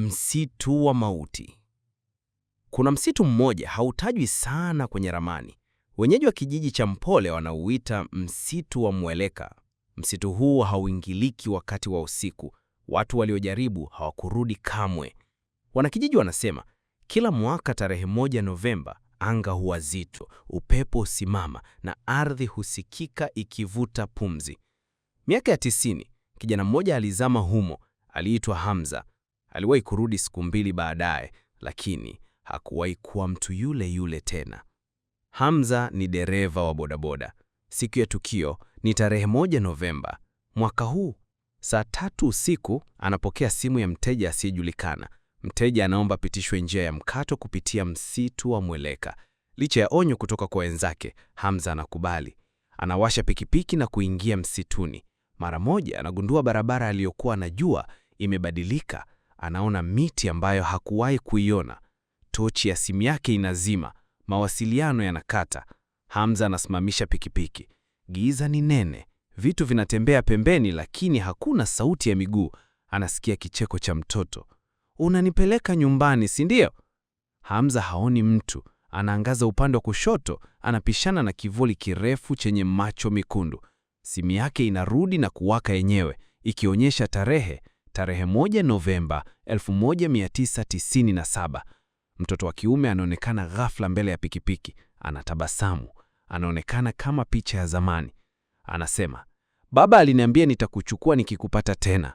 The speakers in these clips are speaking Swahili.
Msitu wa Mauti. Kuna msitu mmoja hautajwi sana kwenye ramani. Wenyeji wa kijiji cha Mpole wanauita msitu wa Mweleka. Msitu huu hauingiliki wakati wa usiku. Watu waliojaribu hawakurudi kamwe. Wanakijiji wanasema kila mwaka tarehe moja Novemba anga huwa zito, upepo husimama na ardhi husikika ikivuta pumzi. Miaka ya tisini, kijana mmoja alizama humo, aliitwa Hamza. Aliwahi kurudi siku mbili baadaye, lakini hakuwahi kuwa mtu yule yule tena. Hamza ni dereva wa bodaboda. Siku ya tukio ni tarehe moja Novemba mwaka huu. Saa tatu usiku anapokea simu ya mteja asiyejulikana. Mteja anaomba apitishwe njia ya mkato kupitia msitu wa Mweleka. Licha ya onyo kutoka kwa wenzake, Hamza anakubali. Anawasha pikipiki na kuingia msituni. Mara moja anagundua barabara aliyokuwa anajua imebadilika. Anaona miti ambayo hakuwahi kuiona. Tochi ya simu yake inazima, mawasiliano yanakata. Hamza anasimamisha pikipiki. Giza ni nene, vitu vinatembea pembeni, lakini hakuna sauti ya miguu. Anasikia kicheko cha mtoto. Unanipeleka nyumbani, si ndio? Hamza haoni mtu, anaangaza upande wa kushoto, anapishana na kivuli kirefu chenye macho mekundu. Simu yake inarudi na kuwaka yenyewe, ikionyesha tarehe tarehe 1 Novemba 1997. Mtoto wa kiume anaonekana ghafla mbele ya pikipiki, anatabasamu, anaonekana kama picha ya zamani. Anasema, baba aliniambia nitakuchukua nikikupata tena.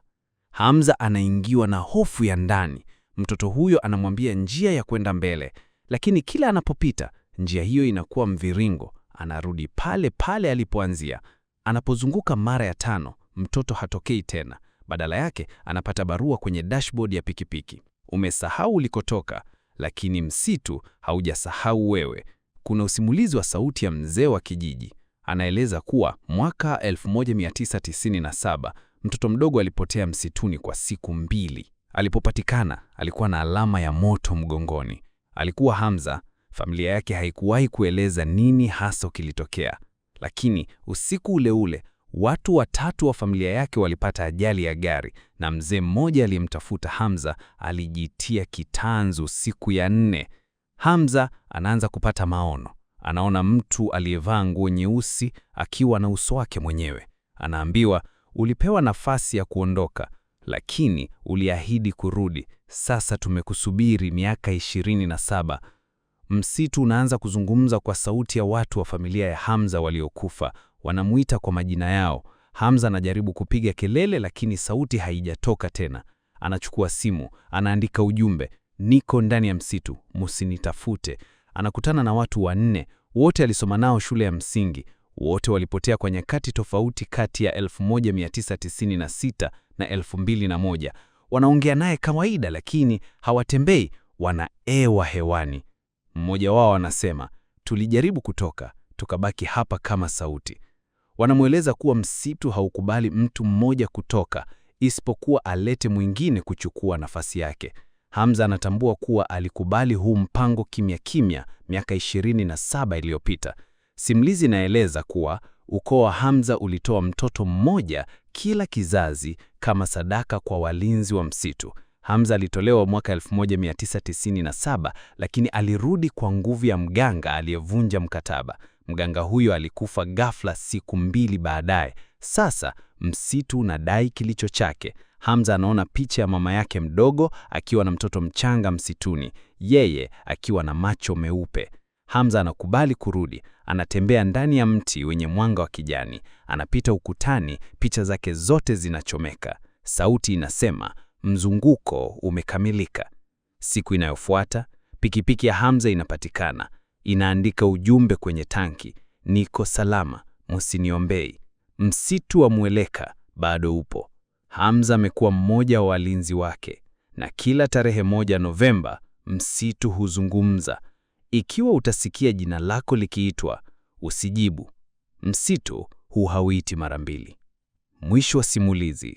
Hamza anaingiwa na hofu ya ndani. Mtoto huyo anamwambia njia ya kwenda mbele, lakini kila anapopita njia hiyo inakuwa mviringo, anarudi pale pale alipoanzia. Anapozunguka mara ya tano, mtoto hatokei tena. Badala yake anapata barua kwenye dashboard ya pikipiki: umesahau ulikotoka, lakini msitu haujasahau wewe. Kuna usimulizi wa sauti ya mzee wa kijiji, anaeleza kuwa mwaka 1997 mtoto mdogo alipotea msituni kwa siku mbili. Alipopatikana alikuwa na alama ya moto mgongoni. Alikuwa Hamza. Familia yake haikuwahi kueleza nini hasa kilitokea, lakini usiku ule ule Watu watatu wa familia yake walipata ajali ya gari na mzee mmoja aliyemtafuta Hamza alijitia kitanzu siku ya nne. Hamza anaanza kupata maono. Anaona mtu aliyevaa nguo nyeusi akiwa na uso wake mwenyewe. Anaambiwa, ulipewa nafasi ya kuondoka, lakini uliahidi kurudi. Sasa tumekusubiri miaka ishirini na saba. Msitu unaanza kuzungumza kwa sauti ya watu wa familia ya Hamza waliokufa, wanamuita kwa majina yao. Hamza anajaribu kupiga kelele, lakini sauti haijatoka tena. Anachukua simu, anaandika ujumbe, niko ndani ya msitu, msinitafute. Anakutana na watu wanne, wote alisoma nao shule ya msingi. Wote walipotea kwa nyakati tofauti kati ya 1996 na 2001. Wanaongea naye kawaida, lakini hawatembei, wanaewa hewani. Mmoja wao anasema, tulijaribu kutoka, tukabaki hapa kama sauti. Wanamweleza kuwa msitu haukubali mtu mmoja kutoka isipokuwa alete mwingine kuchukua nafasi yake. Hamza anatambua kuwa alikubali huu mpango kimya kimya miaka 27 iliyopita. Simulizi inaeleza kuwa ukoo wa Hamza ulitoa mtoto mmoja kila kizazi kama sadaka kwa walinzi wa msitu. Hamza alitolewa mwaka 1997 lakini alirudi kwa nguvu ya mganga aliyevunja mkataba. Mganga huyo alikufa ghafla siku mbili baadaye. Sasa msitu unadai kilicho chake. Hamza anaona picha ya mama yake mdogo akiwa na mtoto mchanga msituni, yeye akiwa na macho meupe. Hamza anakubali kurudi. Anatembea ndani ya mti wenye mwanga wa kijani, anapita ukutani, picha zake zote zinachomeka. Sauti inasema Mzunguko umekamilika. Siku inayofuata pikipiki ya Hamza inapatikana, inaandika ujumbe kwenye tanki: niko salama, msiniombei. Msitu wa Mweleka bado upo. Hamza amekuwa mmoja wa walinzi wake, na kila tarehe moja Novemba msitu huzungumza. Ikiwa utasikia jina lako likiitwa, usijibu. Msitu huu hauiti mara mbili. Mwisho wa simulizi.